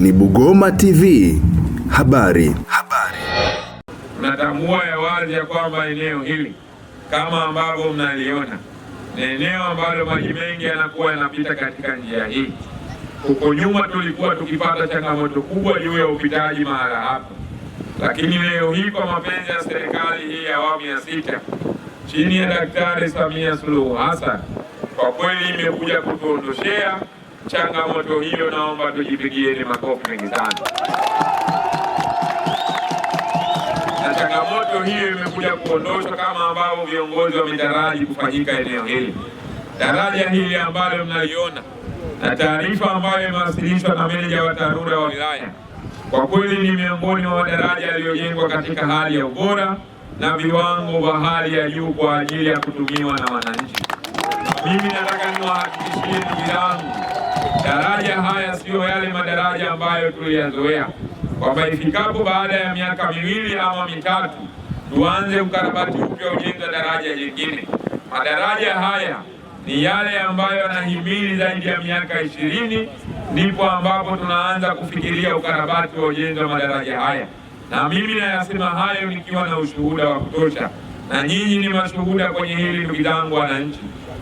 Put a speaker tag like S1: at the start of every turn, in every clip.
S1: ni Bugoma TV. Habari. Habari.
S2: Tunatambua ya wazi ya kwamba eneo hili kama ambavyo mnaliona ni eneo ambalo maji mengi yanakuwa yanapita katika njia hii. Huko nyuma tulikuwa tukipata changamoto kubwa juu ya upitaji mahala hapa, lakini leo hii kwa mapenzi ya serikali hii ya awamu ya sita chini ya Daktari Samia Suluhu Hassan kwa kweli imekuja kutuondoshea changamoto hiyo, naomba tujipigieni makofi mengi sana. Na changamoto hiyo imekuja kuondoshwa kama ambavyo viongozi wametaraji kufanyika eneo hili, daraja hili ambalo mnaliona na taarifa ambayo imewasilishwa na meneja wa TARURA wa wilaya, kwa kweli ni miongoni mwa madaraja yaliyojengwa katika hali ya ubora na viwango vya hali ya juu kwa ajili ya kutumiwa na wananchi. Mimi nataka niwahakikishie ndugu zangu Daraja haya siyo yale madaraja ambayo tuliyazoea kwamba ifikapo baada ya miaka miwili ama mitatu tuanze ukarabati upya ujenzi wa daraja jingine. Madaraja haya ni yale ambayo yanahimili zaidi ya miaka ishirini, ndipo ambapo tunaanza kufikiria ukarabati wa ujenzi wa madaraja haya, na mimi nayasema hayo nikiwa na ushuhuda wa kutosha, na nyinyi ni mashuhuda kwenye hili, ndugu zangu wananchi.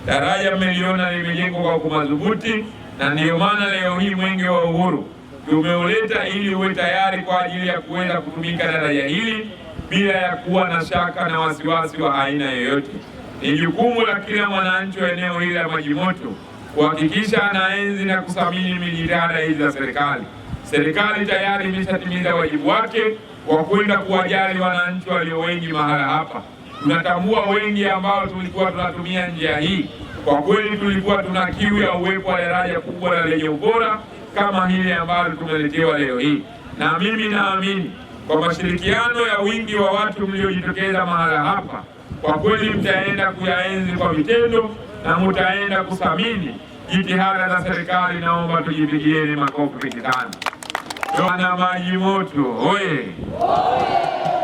S2: Daraja mmeliona limejengwa kwa kumadhubuti na ndiyo maana leo hii mwenge wa uhuru tumeuleta ili uwe tayari kwa ajili ya kuenda kutumika daraja hili bila ya kuwa na shaka na wasiwasi wa aina yoyote. Ni jukumu la kila mwananchi wa eneo hili la Maji Moto kuhakikisha anaenzi na kuthamini mijitihada hizi za serikali. Serikali tayari imeshatimiza wajibu wake wa kwenda kuwajali wananchi walio wengi mahala hapa. Tunatambua wengi ambao tulikuwa tunatumia njia hii kwa kweli tulikuwa tuna kiu ya uwepo wa daraja kubwa na lenye ubora kama hili ambalo tumeletewa leo hii, na mimi naamini kwa mashirikiano ya wingi wa watu mliojitokeza mahala hapa, kwa kweli mtaenda kuyaenzi kwa vitendo na mtaenda kuthamini jitihada za serikali. Naomba tujipigieni makofi kitani. Wana maji moto oye!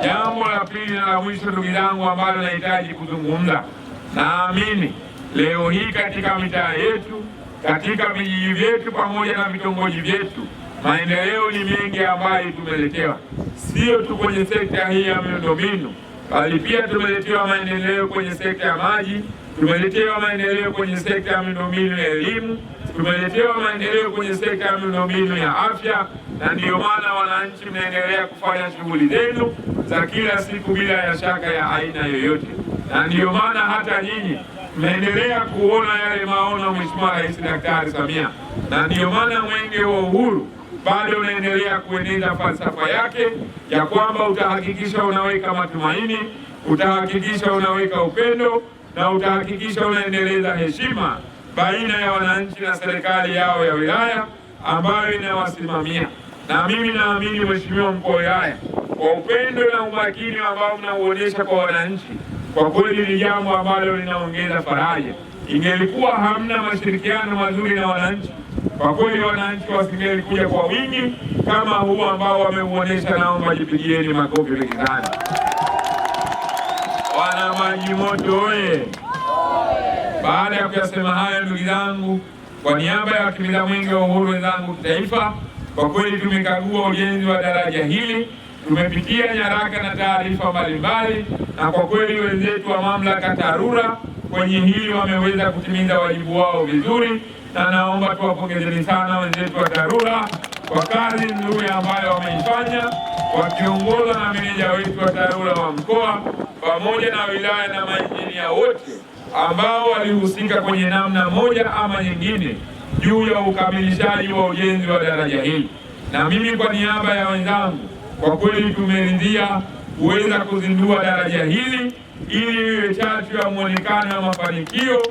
S2: Jambo la pili na la mwisho, ndugu zangu, ambalo nahitaji kuzungumza, naamini leo hii katika mitaa yetu, katika vijiji vyetu, pamoja na vitongoji vyetu, maendeleo ni mengi ambayo tumeletewa, sio tu kwenye sekta hii ya miundombinu, bali pia tumeletewa maendeleo kwenye sekta ya maji, tumeletewa maendeleo kwenye sekta ya miundombinu ya elimu, tumeletewa maendeleo kwenye sekta ya miundombinu ya afya, na ndiyo maana wananchi mnaendelea kufanya shughuli zenu za kila siku bila ya shaka ya aina yoyote, na ndiyo maana hata nyinyi Mnaendelea kuona yale maono Mheshimiwa Rais Daktari Samia, na ndiyo maana Mwenge wa Uhuru bado unaendelea kueneza falsafa yake ya kwamba utahakikisha unaweka matumaini, utahakikisha unaweka upendo na utahakikisha unaendeleza heshima baina ya wananchi na serikali yao ya wilaya ambayo inawasimamia. Na mimi naamini Mheshimiwa mkuu wa wilaya, kwa upendo na umakini ambao mnauonyesha kwa wananchi kwa kweli ni jambo ambalo linaongeza faraja. Ingelikuwa hamna mashirikiano mazuri na wananchi, kwa kweli wananchi wasingelikuja kwa wingi kama huu ambao wameuonesha. Naomba jipigieni makofi mengi sana. Wana maji moto oye! Baada ya kuyasema haya, ndugu zangu, kwa niaba ya wakimbiza mwenge wa uhuru wenzangu kitaifa, kwa kweli tumekagua ujenzi wa daraja hili tumepitia nyaraka na taarifa mbalimbali, na kwa kweli wenzetu wa mamlaka TARURA kwenye hili wameweza kutimiza wajibu wao vizuri, na naomba tuwapongezeni sana wenzetu wa TARURA kwa kazi nzuri ambayo wameifanya wakiongozwa na meneja wetu wa TARURA wa mkoa pamoja na wilaya na mainjinia wote ambao walihusika kwenye namna moja ama nyingine juu ya ukamilishaji wa ujenzi wa daraja hili, na mimi kwa niaba ya wenzangu kwa kweli tumeridhia kuweza kuzindua daraja hili ili iwe chachu ya mwonekano ya mafanikio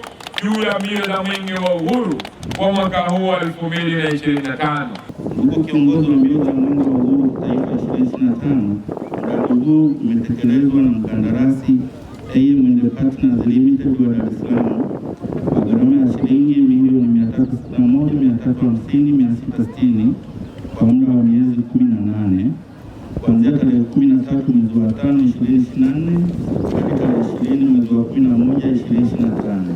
S2: juu ya mbio za Mwenge wa Uhuru kwa mwaka huu wa 2025.
S3: Ndugu kiongozi wa mbio za Mwenge wa Uhuru Taifa 2025, mradi huu umetekelezwa na mkandarasi AM and Partners Limited wa Dar es Salaam kwa gharama ya shilingi milioni 361,350,660 kwa muda wa miezi 18 kuanzia tarehe kumi na tatu mwezi wa tano ishirini na nne hadi tarehe ishirini mwezi wa kumi na moja ishirini na tano.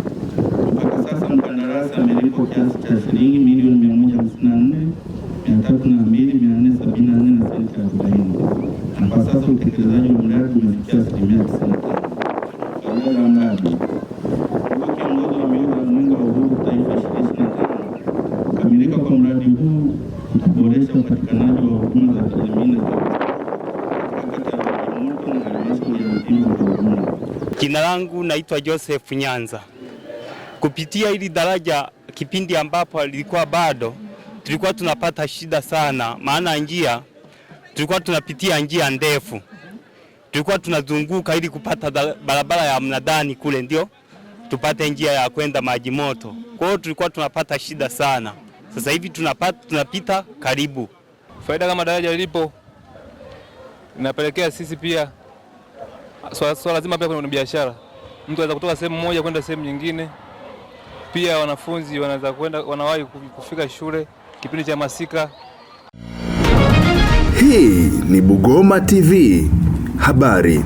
S3: Mpaka sasa mkandarasi amelipwa kiasi cha shilingi milioni
S4: Jina langu naitwa Joseph Nyanza. Kupitia hili daraja, kipindi ambapo lilikuwa bado, tulikuwa tunapata shida sana, maana njia tulikuwa tunapitia njia ndefu, tulikuwa tunazunguka ili kupata barabara ya mnadani kule, ndio tupate njia ya kwenda maji moto. Kwa hiyo tulikuwa tunapata shida sana. Sasa hivi tunapata, tunapita karibu.
S5: Faida kama daraja lilipo inapelekea sisi pia swala so, so, zima pia kwenye biashara, mtu anaweza kutoka sehemu moja kwenda sehemu nyingine. Pia wanafunzi wanaweza kwenda, wanawahi kufika shule kipindi cha masika.
S1: Hii ni Bugoma TV habari.